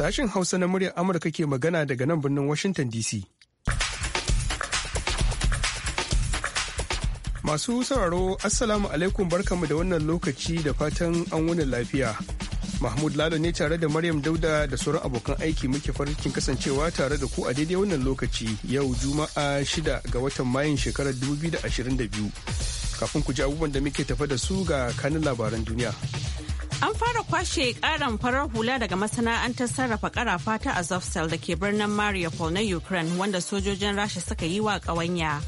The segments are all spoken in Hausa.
Sashen Hausa na muryar Amurka ke magana daga nan birnin Washington DC. Masu sauraro Assalamu alaikum barkamu da wannan lokaci da fatan an wani lafiya. Mahmud Lalo ne tare da Maryam Dauda da sauran abokan aiki muke farkin kasancewa tare da ku a daidai wannan lokaci yau Juma'a shida ga watan Mayun shekarar 2022. Kafin ku ji abubuwan da muke tafa da su ga kanin labaran duniya. An fara kwashe karan farar hula daga masana'antar sarrafa karafa a Azovstal da ke birnin Mariupol na Ukraine wanda sojojin Rasha suka yi wa ƙawanya.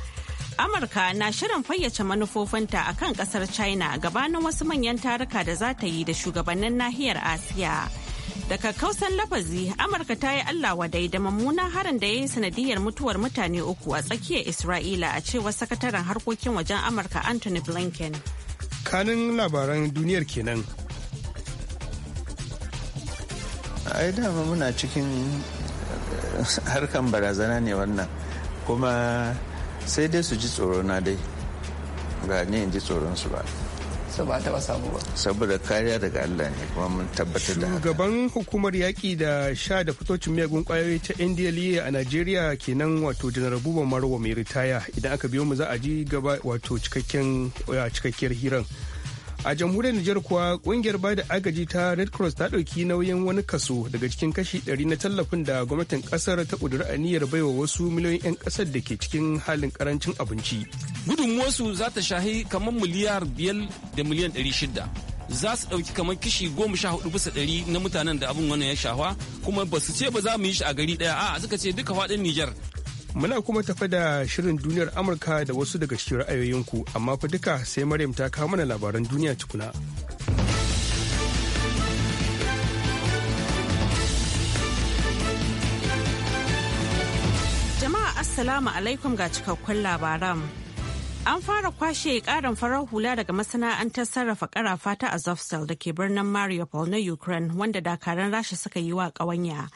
Amurka na shirin fayyace manufofinta a kan ƙasar China gabanin wasu manyan taruka da za ta yi da shugabannin nahiyar Asiya. Daga kausan lafazi, Amurka ta yi Allah wadai da mummunan harin da ya yi sanadiyar mutuwar mutane uku a tsakiyar Isra'ila a cewa sakataren harkokin wajen Amurka Anthony Blinken. Kanin labaran duniyar kenan. ai dama muna cikin eh, harkan barazana ne wannan kuma sai dai su ji tsoro na dai ba ne in ji tsoron su ba saboda kariya daga Allah ne kuma mun tabbatar da shugaban hukumar yaƙi da sha da fitocin miyagun ƙwayoyi ta ndla a najeriya kenan wato janar buba marwa mai ritaya idan aka biyo mu za a ji gaba wato cikakken cikakkiyar hiran a jamhuriyar Nijar kuwa kungiyar bada agaji ta red cross ta ɗauki nauyin wani kaso daga cikin kashi 100 na tallafin da gwamnatin kasar ta ƙudura aniyar baiwa wasu miliyoyin 'yan ƙasar da ke cikin halin karancin abinci gudunmuwarsu za ta shahi kamar miliyar biyar da miliyan 600 za su ɗauki kamar kishi goma sha hudu bisa ɗari na mutanen da abin wannan ya shawa kuma ba su ce ba za mu yi shi a gari daya aa suka ce duka faɗin Nijar Muna kuma tafi da shirin duniyar Amurka da wasu daga cikin ra'ayoyinku, amma fa duka sai Maryam ta kawo mana labaran duniya tukuna. Jama'a Assalamu alaikum ga cikakkun labaran. An fara kwashe ƙarin farar hula daga masana'antar sarrafa karafa ta Azovstal da ke birnin Mariupol na Ukraine wanda dakaran Rasha suka yi wa ƙawanya.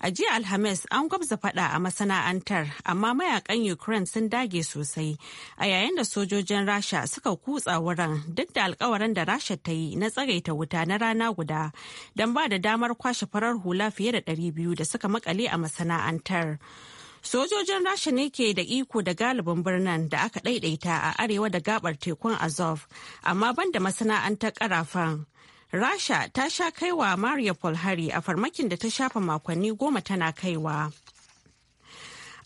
A jiya Alhamis an gwabza fada a masana'antar amma mayakan Ukraine sun dage sosai a yayin da sojojin Rasha suka kutsa wurin duk da alkawarin da Rasha ta yi na tsagaita wuta na rana guda don ba da damar kwashe farar hula fiye da 200 da suka makale a masana'antar. Sojojin Rasha ne ke da iko da galibin birnin da aka ɗaiɗaita a arewa da gabar tekun Azov, amma banda masana'antar karafan. Rasha ta sha kaiwa Mariupol hari a farmakin da ta shafa makonni goma tana kaiwa.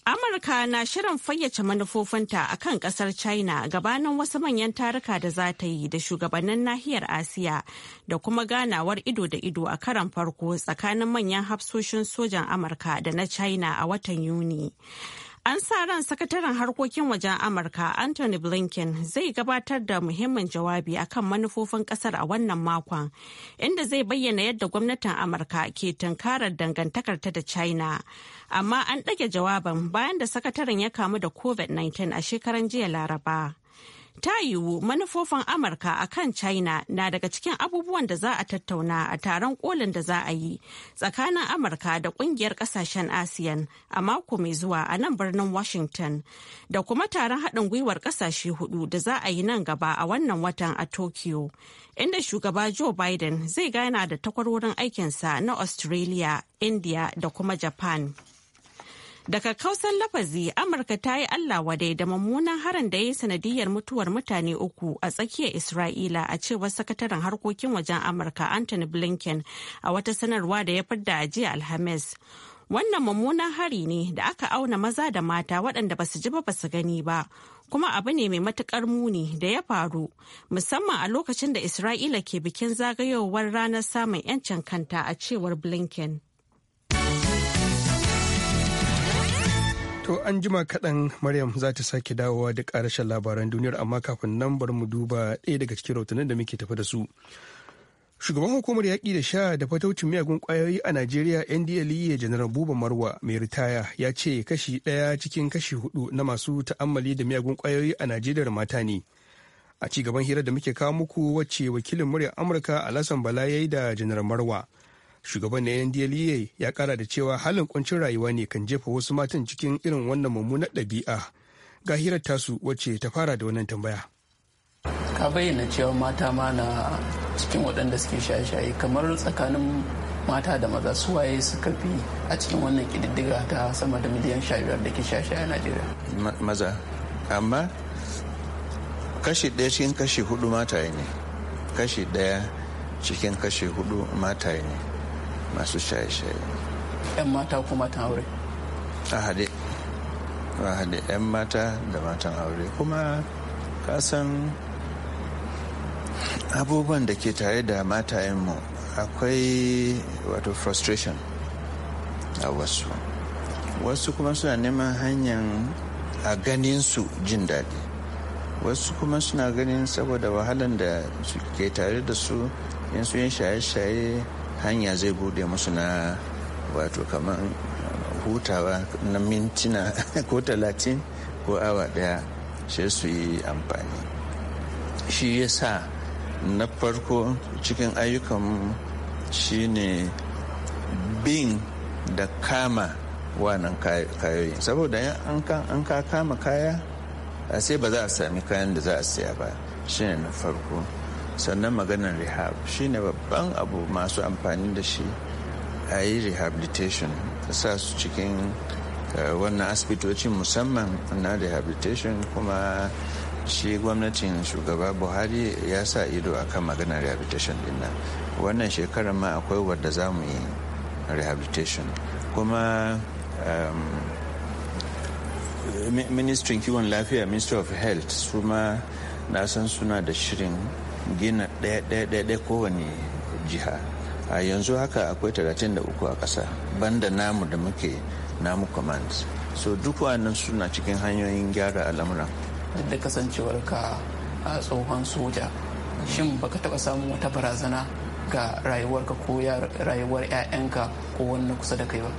Amurka na shirin fayyace manufofinta a kan kasar China gabanin wasu manyan taruka da za ta yi da shugabannin nahiyar Asiya da kuma ganawar ido da ido a karan farko tsakanin manyan hafsoshin sojan Amurka da na China a watan Yuni. An sa ran sakataren harkokin wajen Amurka Anthony Blinken zai gabatar da muhimmin jawabi akan manufofin kasar a wannan makon, inda zai bayyana yadda gwamnatin Amurka ke tunkarar dangantakarta da China. Amma an ɗage jawaban bayan da sakataren ya kamu da COVID-19 a shekaran jiya Laraba. ta yiwu manufofin amurka a kan china na daga cikin abubuwan da za a tattauna a taron kolin da za a yi tsakanin amurka da kungiyar kasashen asiyan a mako mai zuwa a nan birnin washington da kuma taron haɗin gwiwar kasashe hudu da za a yi nan gaba a wannan watan a tokyo inda shugaba joe biden zai gana da takwarorin aikinsa na australia india da kuma japan Daga kausan lafazi Amurka ta yi Allah wadai da mummunan harin da ya yi sanadiyar mutuwar mutane uku a tsakiyar Isra'ila a cewar sakataren harkokin wajen Amurka Anthony Blinken a wata sanarwa da ya fidda a jiya Alhamis. Wannan mummunan hari ne da aka auna maza da mata waɗanda ba su ji ba su gani ba. kuma abu ne mai matuƙar muni da ya faru musamman a lokacin da isra'ila ke bikin zagayowar ranar samun 'yancin kanta a cewar blinken To an jima kaɗan Maryam za ta sake dawowa da ƙarashen labaran duniyar amma kafin nan bar mu duba ɗaya daga cikin rahotannin da muke tafi da su. Shugaban hukumar yaƙi da sha da fataucin miyagun ƙwayoyi a Najeriya NDLEA Janar Buba Marwa mai ritaya ya ce kashi ɗaya cikin kashi hudu na masu ta'ammali da miyagun ƙwayoyi a Najeriya mata ne. A ci gaban hira da muke kawo muku wacce wakilin murya Amurka Alasan Bala ya yi da Janar Marwa. shugaban na ndla e ya kara da cewa halin kuncin rayuwa ne kan jefa wasu matan cikin irin wannan mummunar ɗabi'a ga hirar tasu wacce ta fara da wannan tambaya ka bayyana cewa mata ma na cikin waɗanda suke shaye-shaye kamar tsakanin mata da maza su waye suka fi a cikin wannan ƙididdiga ta sama da miliyan sha biyar da ke shaye-shaye a najeriya maza amma kashi ɗaya cikin kashi hudu mataye ne kashi ɗaya cikin kashi hudu mataye ne masu shaye-shaye yan mata ko matan aure a haɗe a haɗe yan mata da matan aure kuma kasan abubuwan da ke tare da matayenmu akwai wato frustration a wasu wasu kuma suna neman hanyar a ganin su jin daɗi wasu kuma suna ganin saboda wahalan da ke tare da su in su yin shaye-shaye hanya zai bude musu na wato kamar hutawa na mintina ko talatin ko awa daya sai su yi amfani shi ya sa na farko cikin ayyukan ne bin da kama wannan kayoyin saboda an ka kama kaya sai ba za a sami kayan da za a siya ba shi ne na farko sannan maganar rehab shi ne babban abu masu amfani da shi a yi rehabilitation sa su cikin eh, wannan asibitocin musamman na rehabilitation kuma shi gwamnatin shugaba buhari ya sa ido a kan maganar rehabilitation din wannan shekarar ma akwai wadda za mu yi rehabilitation kuma ehm, ministrin kiwon lafiya ministry of health su ma na san suna da shirin gina ɗaya-ɗaya kowane jiha a yanzu haka akwai da uku a ƙasa banda namu da muke namu commands so duk wannan suna cikin hanyoyin gyara al'amura duk da kasancewar ka a tsohon soja shin baka taɓa samun wata barazana ga rayuwarka ko rayuwar 'ya'yanka ko wani kusa da kai ba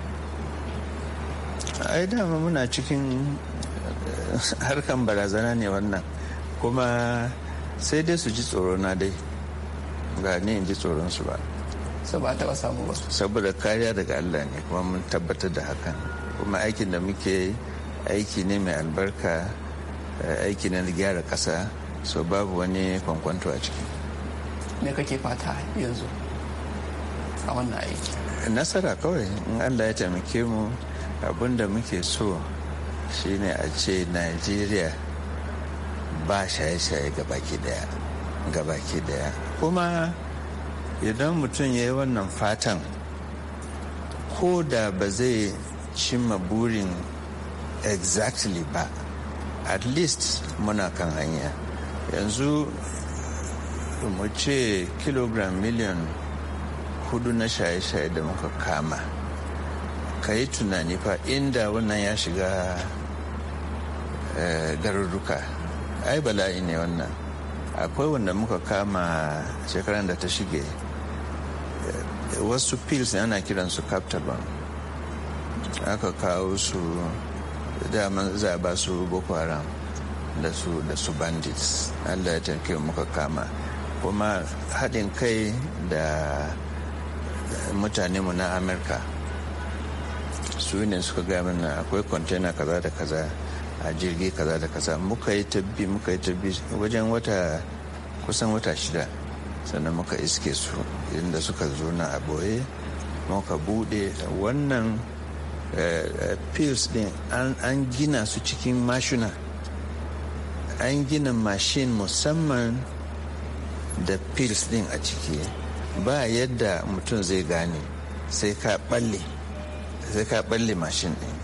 ai dama muna cikin eh, harkan barazana ne wannan kuma sai dai su ji tsoro na dai ba ni in ji tsoron su ba saboda taba samu ba saboda kariya daga Allah ne kuma mun tabbatar da hakan kuma aikin da muke aiki ne mai albarka eh, aiki na gyara kasa so babu wani kwankwanto a ciki me kake fata yanzu a wannan aiki nasara kawai in Allah ya taimake mu abin da muke so shine a ce Najeriya ba shaye-shaye gabaki daya gabaki daya kuma idan mutum ya yi wannan fatan ko da ba zai cimma burin exactly ba at least muna kan hanya yanzu mu ce kilogram miliyan hudu na shaye-shaye da muka kama ka yi tunani fa inda wannan ya shiga eh, garuruka ai bala'i ne wannan akwai wanda muka kama shekaran da ta shige wasu pills ne ana kiransu captagon aka kawo su daman za ba su boko haram da su da su bandits allah ya tarke muka kama kuma haɗin kai da mutanenmu na amurka su ne suka gaya mana akwai container kaza da kaza a jirgi kaza da kaza muka yi tabbi muka yi tabbi wajen wata kusan wata shida sannan muka iske su inda suka zo na a boye muka bude wannan pills eh, din an gina su cikin mashina an gina mashin musamman da pills din a ciki ba yadda mutum zai gane sai ka balle sai ka balle mashin din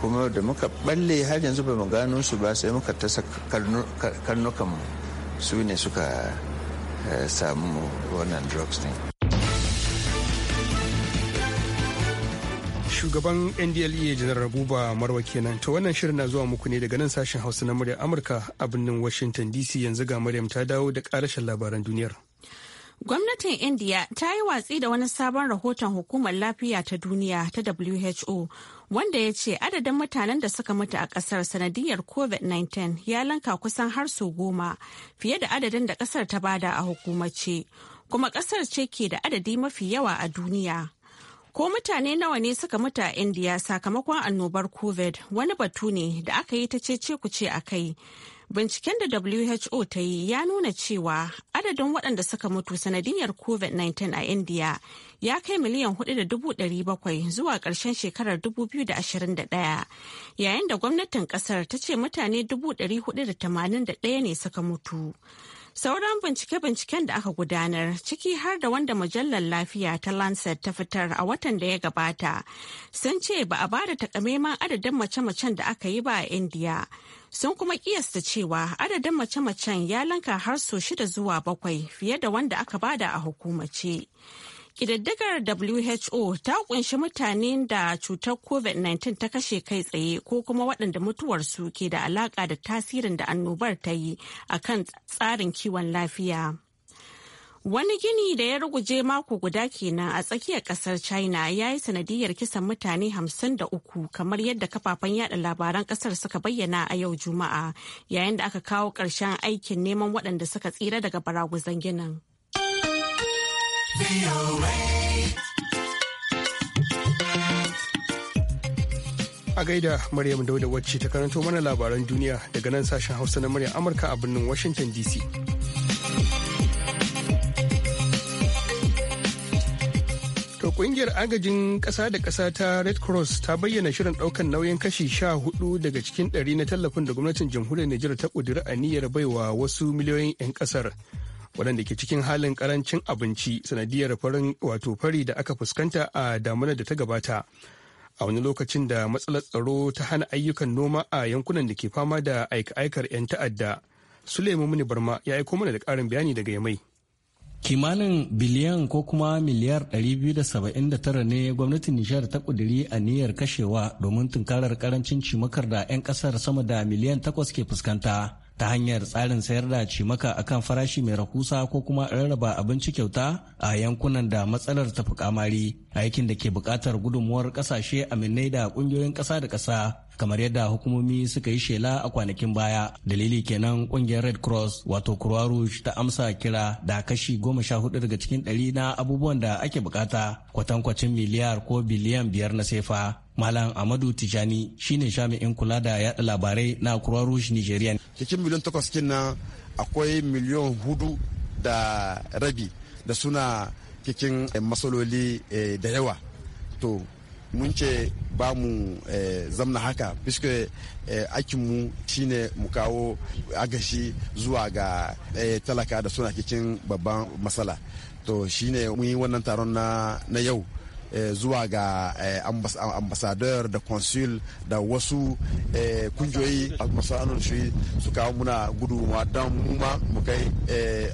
kuma da muka balle har yanzu ba mu gano su ba sai muka tasa karnukanmu su ne suka eh, samu wannan drugs ne. shugaban ndla e, janar buba marwa kenan to wannan shirin na zuwa muku ne daga nan sashen hausa na muryar amurka a birnin washington dc yanzu ga maryam ta dawo da karashen labaran duniyar Gwamnatin India ta yi watsi da wani sabon rahoton hukumar lafiya ta duniya ta WHO wanda ya ce adadin mutanen da suka mutu a kasar sanadiyar COVID-19 ya lanka kusan har su goma fiye da adadin da kasar ta bada a hukumace. Kuma kasar ce ke da adadi mafi yawa a duniya. Ko mutane nawa ne suka mutu a India sakamakon annobar COVID wani batu ne da aka yi ta ce ce ku ce a kai. Binciken da WHO ta yi ya nuna cewa adadin waɗanda suka mutu sanadiyar COVID-19 a India ya kai miliyan 4,700 zuwa ƙarshen shekarar 2021 yayin da gwamnatin ƙasar ta ce mutane 481 ne suka mutu. Sauran bincike-binciken da aka gudanar ciki har da wanda mujallar lafiya ta Lancet ta fitar a watan da ya gabata sun ce ba a ba da takamaiman adadin mace-macen da aka yi ba a India. sun kuma kiyasta cewa adadin mace-macen ya lanka har so shida zuwa bakwai fiye da wanda aka bada a hukumace. Ƙididdigar WHO ta kunshi mutanen da cutar COVID-19 ta kashe kai tsaye ko kuma waɗanda mutuwarsu ke da alaƙa da tasirin da annobar ta yi a kan tsarin kiwon lafiya. Wani gini da ya ruguje mako guda kenan a tsakiyar kasar China ya yi sanadiyar kisan mutane hamsin da uku kamar yadda kafafen yada labaran kasar suka bayyana a yau Juma'a yayin da aka kawo ƙarshen aikin neman waɗanda suka tsira daga baraguzan ginin. A gaida Maryam Dauda wacce ta karanto mana labaran duniya daga nan sashen Hausa na Maryam Amurka a birnin Washington DC. To agajin ƙasa da kasa ta Red Cross ta bayyana shirin ɗaukan nauyin kashi sha hudu daga cikin ɗari na tallafin da gwamnatin jamhuriyar Nijar ta ƙudiri aniyar baiwa wasu miliyoyin 'yan kasar wadanda ke cikin halin karancin abinci sanadiyar farin wato fari da aka fuskanta a damunar da ta gabata. A wani lokacin da matsalar tsaro ta hana ayyukan noma a yankunan da ke fama da aika-aikar 'yan ta'adda. Suleiman Muni Barma ya aiko mana da karin bayani daga Yamai. kimanin biliyan ko kuma miliyar 279 ne gwamnatin nishar ta a niyyar kashewa domin tunkarar karancin cimakar da 'yan kasar sama da miliyan 8 ke fuskanta ta hanyar tsarin sayar da cimaka akan farashi mai rahusa ko kuma rarraba abinci kyauta a yankunan da matsalar tafi kamari aikin da ke bukatar gudunmuwar kasashe aminai da kungiyoyin kasa da kasa kamar yadda hukumomi suka yi shela a kwanakin baya dalili kenan kungiyar red cross wato croix rouge ta amsa kira da kashi goma sha hudu daga cikin dari na abubuwan da ake bukata kwatankwacin miliyar ko biliyan biyar na sefa Malam Amadu Tijani shine jami'in kula da yada labarai na Croix Rouge Nigeria. Cikin miliyan takwas kinna akwai miliyan hudu da rabi da suna cikin eh, masaloli eh, da yawa. To mun ce ba mu eh, zamna haka fiske eh, aikinmu shine mu kawo agashi zuwa ga eh, talaka da suna cikin babban matsala to shine mun yi wannan taron na yau Eh, zuwa ga eh, ambasador da consul da wasu eh, kungiyoyi a masana'ar shi su kawo muna gudunmuwa don muma mu kai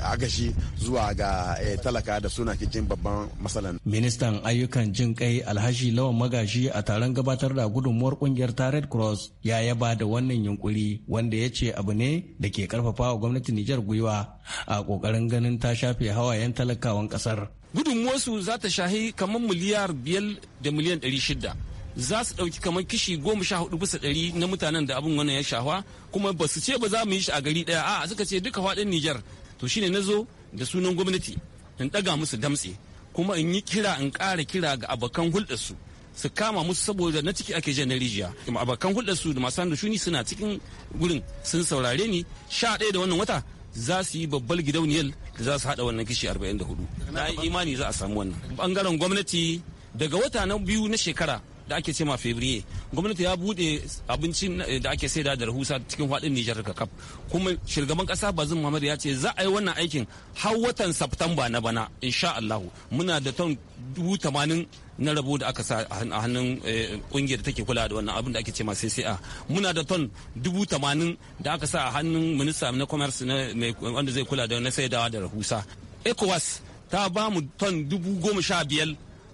agashi zuwa ga talaka da suna cikin babban masalan. ministan ayyukan jin kai alhaji lawan magashi a taron gabatar da gudunmuwar kungiyar ta red cross ya yaba da wannan yunkuri wanda ya ce abu ne da ke karfafa wa gwamnati nijar gwiwa a kokarin ganin ta shafe hawayen talakawan kasar gudunmuwarsu za ta shahi kamar miliyar biyar da miliyan ɗari shida za su ɗauki kamar kishi goma sha hudu bisa ɗari na mutanen da abin wannan ya shawa kuma ba su ce ba za mu yi shi a gari ɗaya a suka ce duka faɗin Nijar to shine na zo da sunan gwamnati in ɗaga musu damtse kuma in yi kira in ƙara kira ga abokan hulɗarsu su kama musu saboda na ciki ake jan na rijiya abokan hulɗarsu da masu hannu shuni suna cikin gurin sun saurare ni sha ɗaya da wannan wata za su yi babbal gidauniyar da za su haɗa wannan kishi 44 na imani za a samu wannan bangaren gwamnati daga wata na biyu na shekara da ake ce ma fevrier gwamnati ya bude abincin eh, da ake saida da rahusa cikin fadin Nijar kakaf kuma shirgaban kasa bazin Muhammad ya ce za a yi wannan aikin har watan September na bana insha Allah muna da ton dubu tamanin na rabo da aka sa a hannun kungiyar eh, take kula da wannan abin da ake ce ma CCA muna da ton dubu tamanin da aka sa a hannun minista na commerce na wanda zai kula da na saidawa da rahusa ECOWAS ta ba mu ton dubu goma sha biyar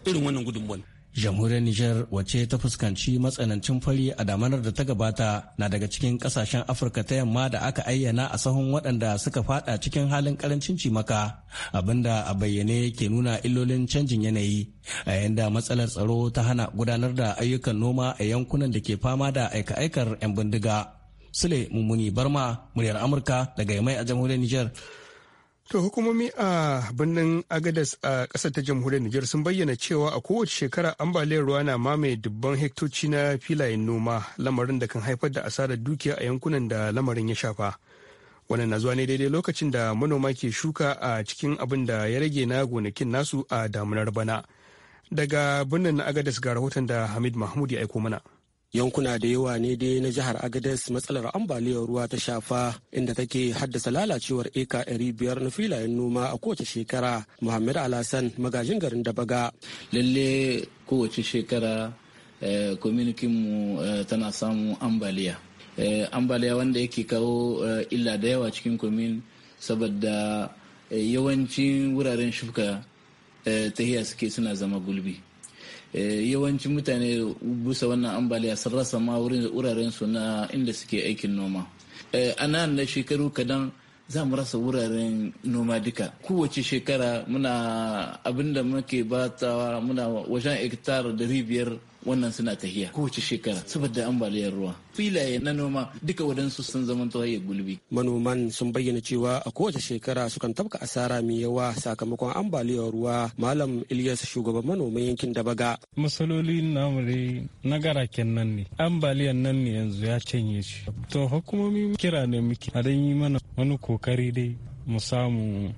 irin wannan gudunmuwan jamhuriyar niger wacce ta fuskanci matsanancin fari a damanar da ta gabata na daga cikin kasashen afirka ta yamma da aka ayyana a sahun waɗanda suka fada cikin halin karancin cimaka abinda a bayyane ke nuna illolin canjin yanayi a yanda matsalar tsaro ta hana gudanar da ayyukan noma a yankunan da ke fama da aika-aikar 'yan bindiga sule mummuni barma muryar amurka daga mai a jamhuriyar Nijar. To hukumomi a birnin Agadas a ƙasar ta jamhuriyar Nijar sun bayyana cewa a kowace shekara ambaliyar ruwa na mamaye dubban hektoci na filayen noma lamarin da kan haifar da asarar dukiya a yankunan da lamarin ya shafa. Wannan na zuwa ne daidai lokacin da manoma ke shuka a cikin abin da ya rage na gonakin nasu a damunar bana. Daga birnin na Agadas ga rahoton da Hamid Mahmud ya aiko mana. yankuna da yawa ne dai na jihar agadez matsalar ambaliyar ruwa ta shafa inda take haddasa lalacewar eka biyar na filayen noma a kowace shekara muhammad alhassan magajin garin da Baga. lalle kowace shekara kwaminikin eh, mu eh, tana samun ambaliya eh, ambaliya wanda yake kawo illa da yawa cikin kwamin saboda yawancin wuraren shuka tahiya suke suna zama gulbi Eh, yawancin mutane busa wannan ambaliya sun rasa ma wurin wuraren su na inda suke aikin noma eh, a nan na shekaru kadan za mu rasa wuraren noma duka kowace shekara muna abinda muke batawa muna wajen hektar dari biyar wannan suna tahiya kowace shekara saboda ambaliyar ruwa filaye na noma duka wadansu sun zama tawaye gulbi manoman sun bayyana cewa a kowace shekara sukan tafka asara mai yawa sakamakon ambaliyar ruwa malam ilyas shugaban manoman yankin dabaga masalolin namu dai na garaken nan ne ambaliyar nan ne yanzu ya canye shi to hukumomi kira ne muke a dan yi mana wani kokari dai mu samu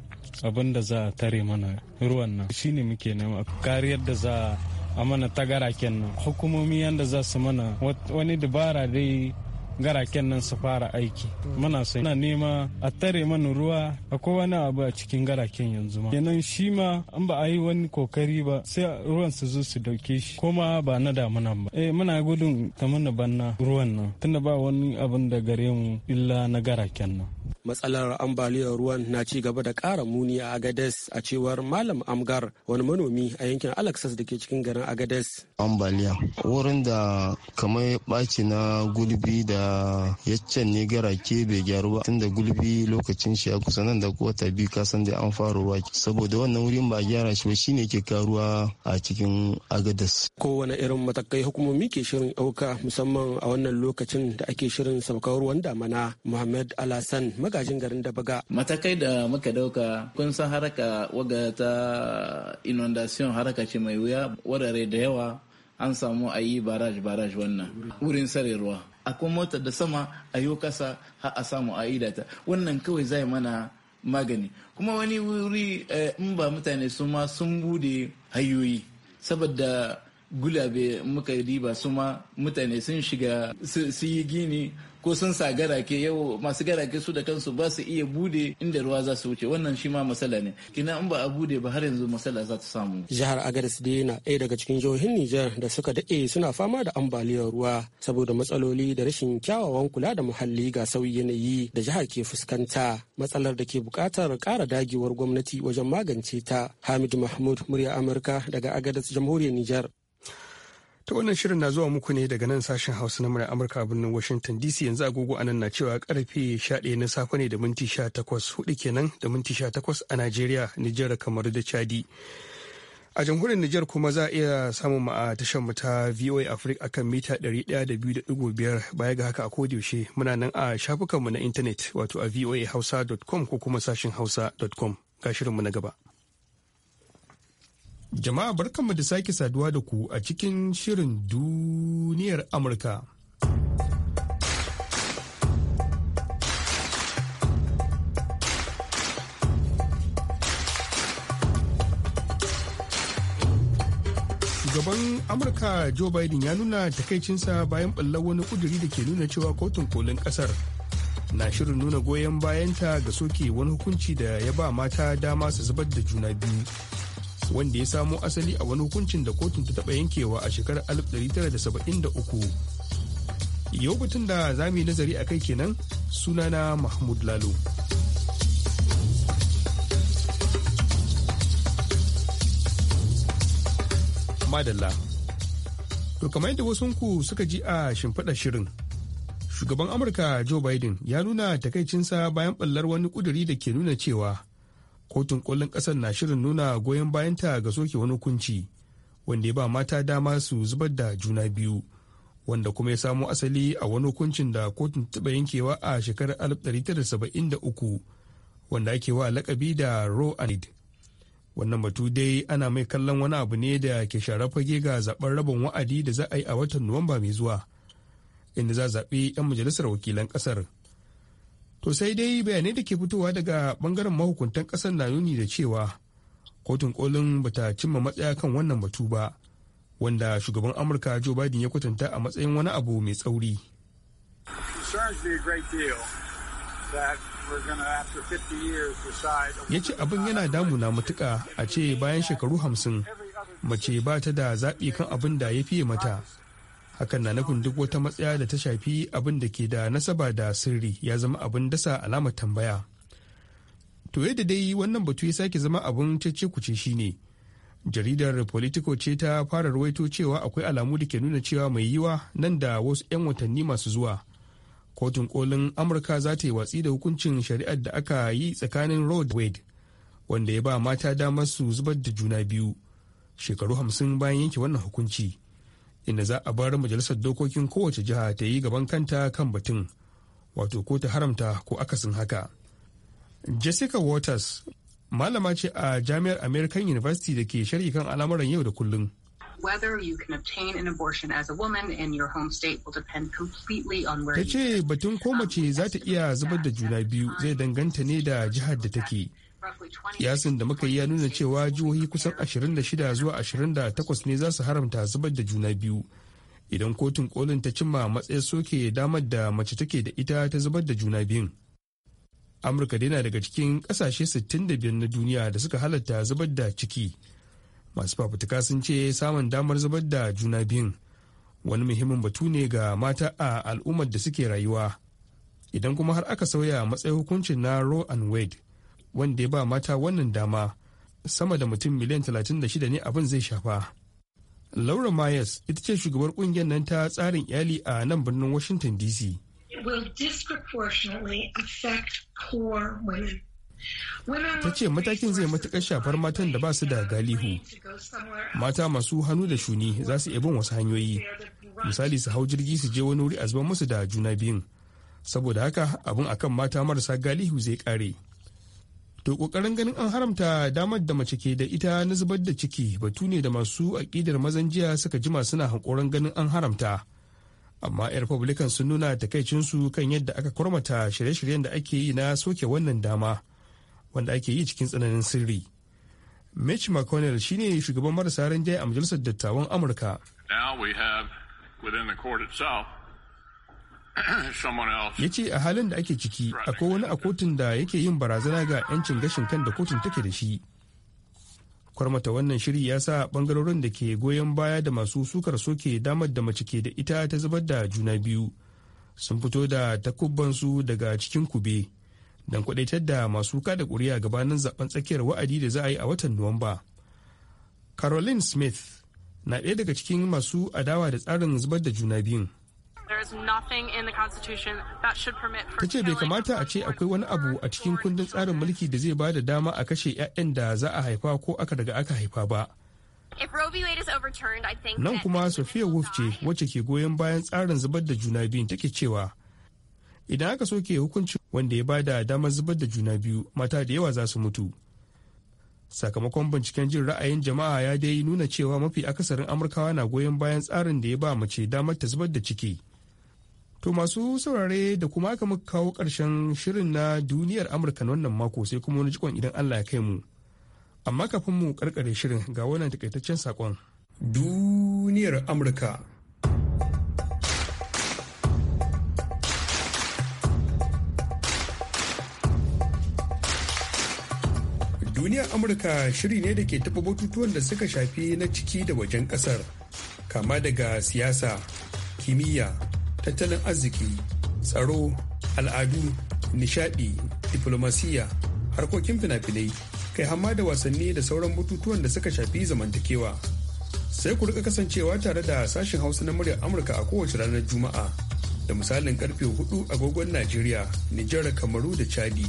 abin da za a tare mana ruwan nan shine muke nema kariyar da za a a mana tagara kenan hukumomi yanda za su mana wani dabara dai garaken nan su fara aiki muna sai na nema a tare mana ruwa akwai wani abu a cikin garaken yanzu ma kenan shi ma an ba a yi wani kokari ba sai ruwan su zo su dauke shi kuma ba na damuna ba eh muna gudun ta na banna ruwan nan tunda ba wani abin da gare mu illa na garaken nan matsalar ambaliyar ruwan na ci gaba da ƙara muni a agades a cewar malam amgar wani manomi a yankin alexas da ke cikin garin agades ambaliya wurin da kamar ɓaci na gulbi da ya can ne garake bai gyaru ba tunda gulbi lokacin shi ya kusa nan da wata biyu kasan da an fara ruwa saboda wannan wurin ba gyara shi ba shine ke karuwa a cikin agadas kowane irin matakai hukumomi ke shirin ɗauka musamman a wannan lokacin da ake shirin saukar ruwan damana muhammad alasan magajin garin da baga matakai da muka dauka kun san haraka waga ta inundation haraka ce mai wuya wurare da yawa an samu ayi yi baraj baraj wannan wurin sare ruwa akwai mota da sama a yi kasa har a samu a idata wannan kawai zai mana magani kuma wani wuri eh, in ba mutane su ma sun bude hayoyi saboda gulabe muka riba su ma mutane sun shiga su yi gini ko sun sa garake yau masu garake su da kansu ba su iya bude inda ruwa za su wuce wannan shi ma matsala ne kina in ba a bude ba har yanzu matsala za ta samu jihar agadis dai na ɗaya daga cikin jihohin Nijar da suka daɗe suna fama da ambaliyar ruwa saboda matsaloli da rashin kyawawan kula da muhalli ga sauyi yanayi da jihar ke fuskanta matsalar da ke buƙatar ƙara dagewar gwamnati wajen magance ta Hamid Mahmud murya Amurka daga agadis jamhuriyar Nijar ta wannan shirin na zuwa muku ne daga nan sashen hausa na murar amurka a birnin washington dc yanzu agogo anan na cewa karfe 11 na safe ne da minti sha takwas hudu kenan da minti sha takwas a nigeria nijar kamar da chadi a jamhuriyar nijar kuma za a iya samun a tashar mu ta voa africa akan mita 102.5 baya ga haka a yaushe muna nan a shafukanmu na intanet wato a voahausa.com ko kuma sashen hausa.com ga shirinmu na gaba Jama'a barkanmu da sake saduwa da ku a cikin shirin duniyar Amurka. Shugaban Amurka Joe Biden ya nuna takaicinsa bayan ɓallar wani kuduri da ke nuna cewa kotun kolin ƙasar na shirin nuna goyon bayanta ga soke wani hukunci da ya ba mata dama su zubar da juna biyu. wanda ya samo asali a wani hukuncin da kotun ta taɓa yankewa a shekarar 1973 yau batun da za mu yi nazari a kai kenan sunana mahmud lalo madalla to kamar yadda ku suka ji a shimfiɗa shirin shugaban amurka joe biden ya nuna takaicinsa bayan ɓallar wani ƙuduri da ke nuna cewa kotun kolin kasar na shirin nuna goyon bayanta ga soke wani hukunci wanda ya ba mata dama su zubar da juna biyu wanda kuma ya samo asali a wani hukuncin da kotun taɓa yankewa a shekarar 1973 wanda ake wa lakabi da roe wannan batu dai ana mai kallon wani abu ne da ke sharafage fage ga zaben rabin wa'adi da za a yi a watan nuwamba mai zuwa inda za zaɓi 'yan majalisar wakilan ƙasar. to sai dai bayanai da ke fitowa daga bangaren mahukuntan kasar na nuni da cewa kotun kolin bata cimma matsaya kan wannan batu ba wanda shugaban amurka joe biden ya kwatanta a matsayin wani abu mai tsauri ya ce abin yana damuna matuka a ce bayan shekaru hamsin mace ba ta da zaɓi kan abin da ya fiye mata hakan na nufin duk wata matsaya da ta shafi abin da ke da nasaba da sirri ya zama abin dasa alamar tambaya to yadda dai wannan batu ya sake zama abin cece kuce shine jaridar politico ce ta fara ruwaito cewa akwai alamu da ke nuna cewa mai yiwa nan da wasu 'yan watanni masu zuwa kotun kolin amurka za ta yi watsi da hukuncin shari'ar da aka yi tsakanin road wade wanda ya ba mata damar su zubar da juna biyu shekaru hamsin bayan yanke wannan hukunci inda za a bar majalisar dokokin kowace jiha ta yi gaban kanta kan batun wato ko ta haramta ko akasin haka jessica waters malama ce a jami'ar american university da ke sharhi kan al'amuran yau da kullum Ta ce batun ko mace za ta iya zubar da juna biyu zai danganta ne da jihar da take. Yasin da muka yi ya nuna cewa jihohi kusan 26 zuwa 28 ne za su haramta zubar da juna biyu idan kotun kolin ta cimma matsayin soke damar da mace take da ita ta zubar da juna biyun. Amurka dai na daga cikin kasashe 65 na duniya da suka halatta zubar da ciki. Masu fafutuka sun ce samun damar zubar da juna biyun wani muhimmin batu ne ga mata a al'ummar da suke rayuwa. Idan kuma har aka sauya matsayin hukuncin na Roe and Wade. wanda ya ba mata wannan dama sama da mutum miliyan 36 ne abin zai shafa. Laura Myers ita ce shugabar kungiyar nan ta tsarin iyali a nan birnin Washington DC. Ta ce matakin zai matuƙar shafar matan da ba su da galihu. Mata masu hannu da shuni za su bin wasu hanyoyi. Misali su hau jirgi su je wani wuri a zuban musu da juna biyun. Saboda haka abin akan mata marasa galihu zai ƙare. to kokarin ganin an haramta damar da mace ke da ita na zubar da ciki batu ne da masu aƙidar mazan jiya suka jima suna hankoron ganin an haramta amma 'yan republican sun nuna takaicinsu kan yadda aka kurmata shirye-shiryen da ake yi na soke wannan dama wanda ake yi cikin tsananin sirri mitch mcconnell shine shugaban marasa ranjaye a majalisar dattawan amurka now we have within the ya ce a halin da ake ciki akwai wani a kotun da yake yin barazana ga 'yancin gashin kan da kotun take da shi kwarmata wannan shiri ya sa bangarorin da ke goyon baya da masu sukar soke damar da mace ke da ita ta zubar da juna biyu sun fito da takubbansu daga cikin kube don kwadaitar da masu kada kuri'a gabanin zaben tsakiyar wa'adi da za a yi a watan nuwamba caroline smith na ɗaya daga cikin masu adawa da tsarin zubar da juna biyun Ta ce bai kamata a ce akwai wani abu a cikin kundin tsarin mulki da zai ba da dama a kashe 'ya'yan da za a haifa ko aka daga aka haifa ba. Nan kuma Sophia Wolf ce wacce ke goyon bayan tsarin zubar da juna biyun take cewa idan aka soke hukuncin wanda ya bada damar zubar da juna biyu mata da yawa za su mutu. Sakamakon binciken jin ra'ayin jama'a ya dai nuna cewa mafi akasarin Amurkawa na goyon bayan tsarin da ya ba mace damar ta zubar da ciki. To masu saurare da kuma aka muka kawo ƙarshen shirin na duniyar Amurka na wannan mako sai kuma wani jikon idan Allah ya kai mu. Amma kafin mu karkare shirin ga wannan takaitaccen saƙon. Duniyar Amurka. Duniyar Amurka shiri ne da ke taɓa batutuwan da suka shafi na ciki da wajen ƙasar, kama daga siyasa, kimiyya, tattalin arziki tsaro al'adu nishadi diplomasiya harkokin fina-finai kai hamma da wasanni da sauran bututuwan da suka shafi zamantakewa sai ku rika kasancewa tare da sashen hausa na muryar amurka a kowace ranar juma'a da misalin karfe 4 agogon najeriya nijar kamaru da chadi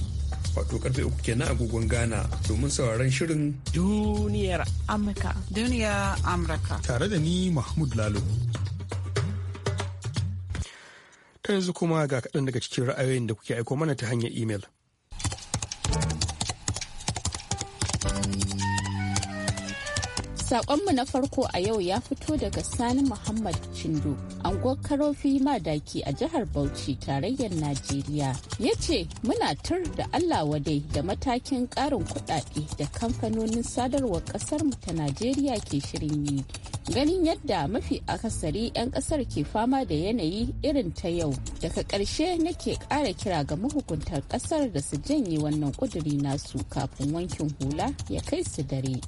wato karfe 3 kenan agogon ghana domin sauraron shirin duniyar amurka duniyar amurka tare da ni mahmud lalo yanzu kuma ga kaɗan daga cikin ra'ayoyin da kuke aiko mana ta hanyar imel. Sakonmu na farko a yau ya fito daga Sani Muhammad chindu anguwar Karofi Madaki a jihar Bauchi, tarayyar Najeriya. Ya ce, muna tur da Allah wadai da matakin karin kudade da kamfanonin sadarwar ƙasarmu ta Najeriya ke shirin yi. Ganin yadda mafi akasari 'yan ƙasar ke fama da yanayi irin ta yau. Daga ƙarshe nake ƙara kira ga mahukuntar ƙasar da su janye wannan ƙuduri nasu kafin wankin hula ya kai su dare.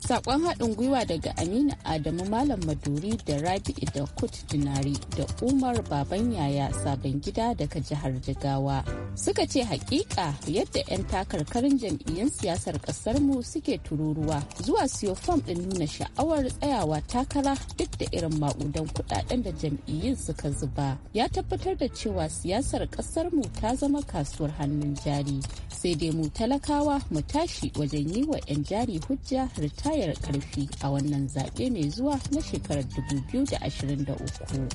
sakon haɗin gwiwa daga aminu adamu malam maduri da rabi da kut dinari da umar baban yaya sabon gida daga jihar jigawa suka ce hakika yadda 'yan takarkarin jam'iyyun siyasar ƙasarmu suke tururuwa zuwa siyo fam ɗin nuna sha'awar tsayawa takara duk da irin ma'udan kuɗaɗen da jam'iyyun suka zuba ya tabbatar da cewa siyasar ƙasar mu ta zama kasuwar hannun jari sai dai mu talakawa mu tashi wajen yi wa 'yan jari hujja tayar karfi a wannan zaɓe mai zuwa na shekarar 2023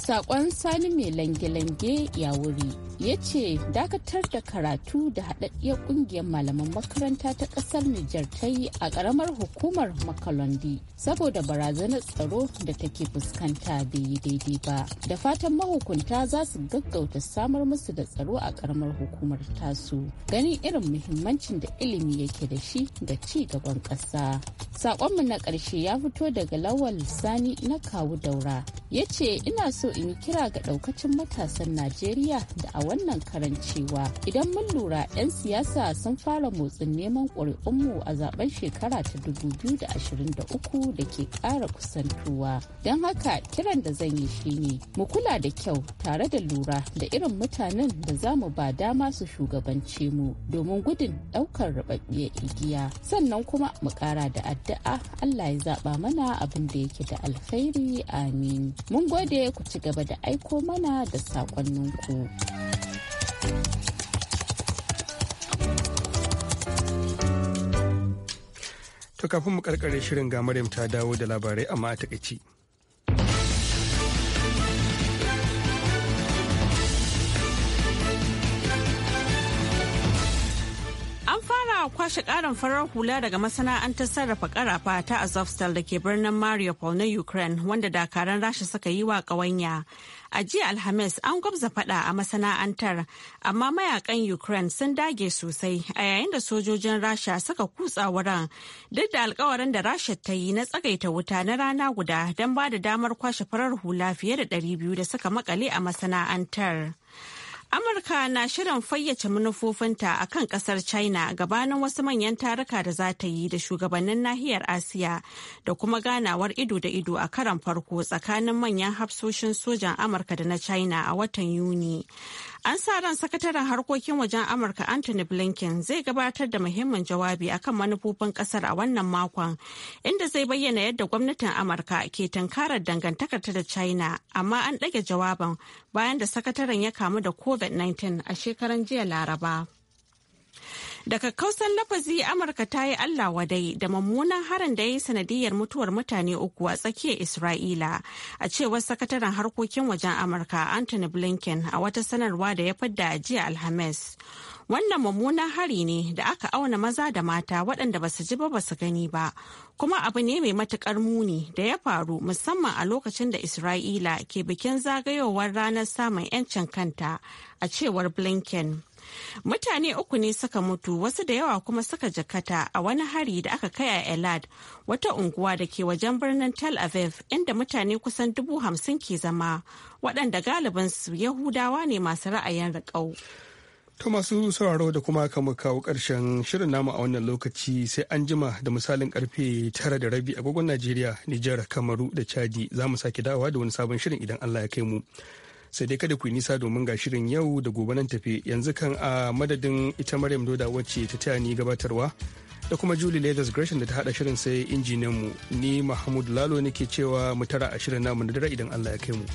Sakon Sani mai lange-lange ya wuri ya ce dakatar da karatu da haɗaɗɗiyar ƙungiyar malaman makaranta ta ƙasar Nijar ta yi a ƙaramar hukumar Makalondi saboda barazanar tsaro da take fuskanta bai yi daidai ba. Da fatan mahukunta za su gaggauta samar musu da tsaro a ƙaramar hukumar tasu ganin irin muhimmancin da ilimi yake da shi ga ci gaban ƙasa. Sakonmu na ƙarshe ya fito daga Lawal Sani na Kawu Daura. Ya ce ina so in kira ga ɗaukacin matasan Najeriya da a wannan karancewa idan mun lura 'yan siyasa sun fara motsin neman ƙuri'unmu a zaben shekara ta 2023 da da da uku ke ƙara kusantowa. Don haka kiran da zan yi shine mu kula da kyau tare da lura da irin mutanen da za mu ba dama su shugabance mu domin gudun ɗaukar ruɓaɓɓiyar igiya sannan kuma mu ƙara da addu'a. addu'a Allah ya zaba mana abin da yake da alkhairi amin. Mun gode ku ci gaba da aiko mana da ku To kafin mu karkare shirin ga Maryam ta dawo da labarai amma a takaici. aka kwashe karin farar hula daga masana'antar sarrafa karafa ta azovstal da ke birnin mariupol na ukraine wanda dakaran rasha suka yi wa kawanya a jiya alhamis an gwabza fada a masana'antar amma mayakan ukraine sun dage sosai a yayin da sojojin rasha suka kutsa wurin duk da alkawarin da rasha ta yi na tsagaita wuta na rana guda don ba da damar kwashe farar hula fiye da 200 da suka makale a masana'antar. Amurka na shirin fayyace manufofinta a kan kasar China gabanin wasu manyan taruka da za ta yi da shugabannin nahiyar Asiya da kuma ganawar ido da ido a karan farko tsakanin manyan hafsoshin sojan Amurka da na China a watan Yuni. An sa ran sakataren harkokin wajen Amurka Anthony Blinken zai gabatar da muhimmin jawabi akan manufofin kasar a wannan makon, inda zai bayyana yadda gwamnatin Amurka ke tunkarar dangantakarta da China, amma an ɗage jawaban bayan da sakataren ya kamu da COVID-19 a shekaran jiya Laraba. Daga kausan lafazi Amurka ta yi Allah wadai da mummunan harin da ya yi sanadiyar mutuwar mutane uku a tsakiyar Isra'ila. A cewar sakataren harkokin wajen Amurka Anthony Blinken a wata sanarwa da ya fadda a jiya Alhamis. Wannan mummunan hari ne da aka auna maza da mata waɗanda ba su ji ba ba su gani ba, kuma abu ne mai matuƙar muni da ya faru musamman a lokacin da Isra'ila ke bikin zagayowar ranar samun 'yancin kanta a cewar Blinken. Mutane uku ne suka mutu wasu da yawa kuma suka jakata a wani hari da aka kai a Elad wata unguwa da ke wajen birnin Tel Aviv inda mutane kusan dubu hamsin ke zama waɗanda galibinsu Yahudawa ne masu ra'ayin rikau To masu sauraro da kuma aka mu kawo ƙarshen shirin namu a wannan lokaci sai an jima da misalin karfe tara da rabi a gogon Najeriya, Nijar, Kamaru da Chadi za mu sake dawa da wani sabon shirin idan Allah ya kai mu. sai dai kada ku yi nisa domin ga shirin yau da gobe nan tafe yanzu kan a madadin ita maryam doda wacce ta taya ni gabatarwa da kuma julie leathers gresham da ta hada shirin sai mu ni mahmud lalo nake cewa mu tara a shirin namu da dare idan allah ya kai mu.